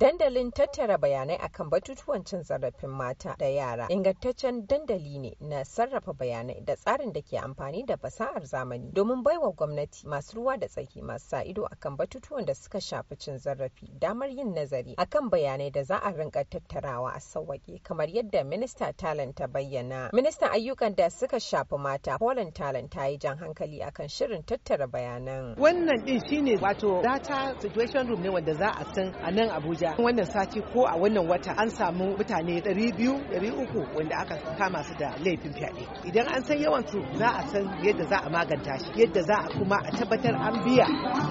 Dandalin tattara bayanai akan batutuwan cin zarafin mata da yara ingantaccen dandali ne na sarrafa bayanai da tsarin da ke amfani da fasahar zamani domin baiwa gwamnati masu ruwa da tsaki masu sa ido akan batutuwan da suka shafi cin zarafi damar yin nazari akan bayanai da za a rinka tattarawa a sauwaƙe kamar yadda minista Talent ta bayyana. Ministan ayyukan da suka shafi mata Paulin Talent ta yi jan hankali akan shirin tattara bayanan. Wannan din shine wato data situation room ne wanda za a san a nan Abuja da wannan sati ko a wannan wata an samu mutane 200 300 wanda aka kama su da laifin fyaɗe idan an san yawan su za a san yadda za a maganta shi yadda za a kuma a tabbatar an biya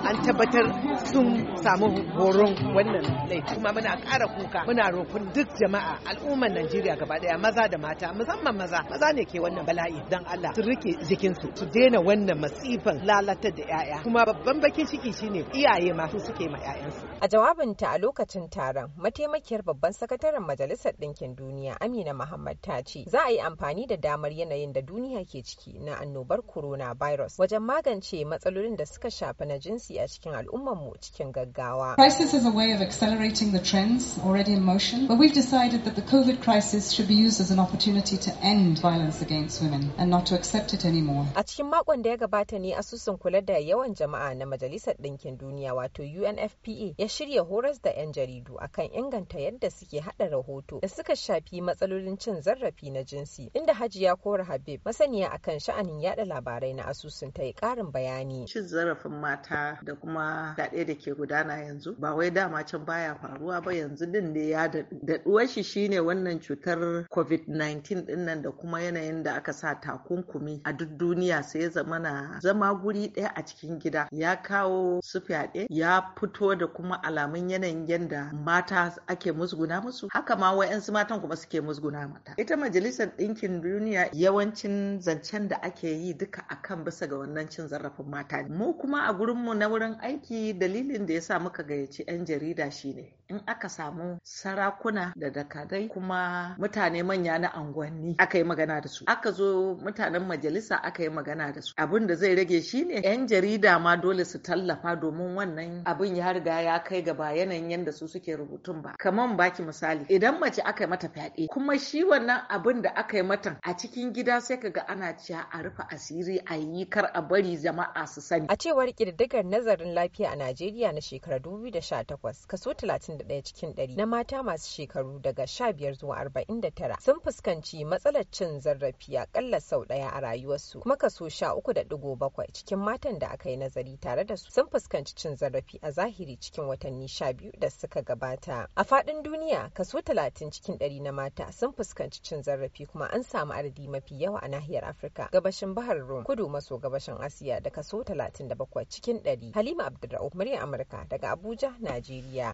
an tabbatar sun samu horon wannan laifin. kuma muna ƙara kuka muna roƙon duk jama'a al'ummar Najeriya gaba ɗaya maza da mata musamman maza maza ne ke wannan bala'i dan Allah su rike jikinsu su daina wannan masifan lalatar da 'ya'ya kuma babban bakin ciki shine iyaye masu suke ma 'ya'yansu a jawabinta a lokacin taron mataimakiyar babban sakataren majalisar ɗinkin duniya amina muhammad ta ce za a yi amfani da damar yanayin da duniya ke ciki na annobar corona virus wajen magance matsalolin da suka shafi na jinsi a cikin mu cikin gaggawa. Crisis is a way of accelerating the trends already in motion, but we've decided that the COVID crisis should be used as an opportunity to end violence against women and not to accept it anymore. A cikin makon da ya gabata ne asusun kula da yawan jama'a na Majalisar Ɗinkin Duniya wato UNFPA ya shirya horas da 'yan jarida jaridu akan inganta yadda suke hada rahoto da suka shafi matsalolin cin zarafi na jinsi inda hajiya kora habib masaniya akan sha'anin yada labarai na asusun ta yi karin bayani cin zarafin mata da kuma daɗe da ke gudana yanzu ba wai dama can baya faruwa ba yanzu din ne ya daɗuwar shi shine wannan cutar covid-19 din da kuma yanayin da aka sa takunkumi a duk duniya sai ya na zama guri ɗaya a cikin gida ya kawo su fyaɗe ya fito da kuma alamun yanayin yanda mata ake musguna musu haka ma wa'yansu matan kuma suke musguna mata ita majalisar ɗinkin duniya yawancin zancen da ake yi duka akan bisa ga wannan cin zarafin mata ne mu kuma a gurinmu na wurin aiki dalilin da ya sa muka gayyaci 'yan jarida shine in aka samu sarakuna da dakadai kuma mutane manya na unguwanni aka yi magana da su aka zo mutanen majalisa aka yi magana da su abin da zai rage shine 'yan jarida ma dole su tallafa domin wannan abin ya riga ya kai gaba yanayin yanda su suke rubutun ba kaman baki misali idan mace aka yi mata fyaɗe kuma shi wannan abin da aka yi mata a cikin gida sai kaga ana cewa a rufe asiri a yi kar a bari jama'a su sani a cewar ƙididdigar nazarin lafiya a Najeriya na shekarar 2018 kaso 31 cikin 100 na mata masu shekaru daga 15 zuwa 49 sun fuskanci matsalar cin zarafi akalla sau ɗaya a rayuwarsu kuma kaso 13.7 cikin matan da aka yi nazari tare da su sun fuskanci cin zarafi a zahiri cikin watanni 12 da suka gabata a faɗin duniya kaso 30 cikin 100 na mata sun fuskanci cin zarafi kuma an samu adadi mafi yawa a nahiyar afirka gabashin bahar rum kudu maso gabashin asiya da kaso 37 cikin 100 halima Abdulrahman murya amurka daga abuja najeriya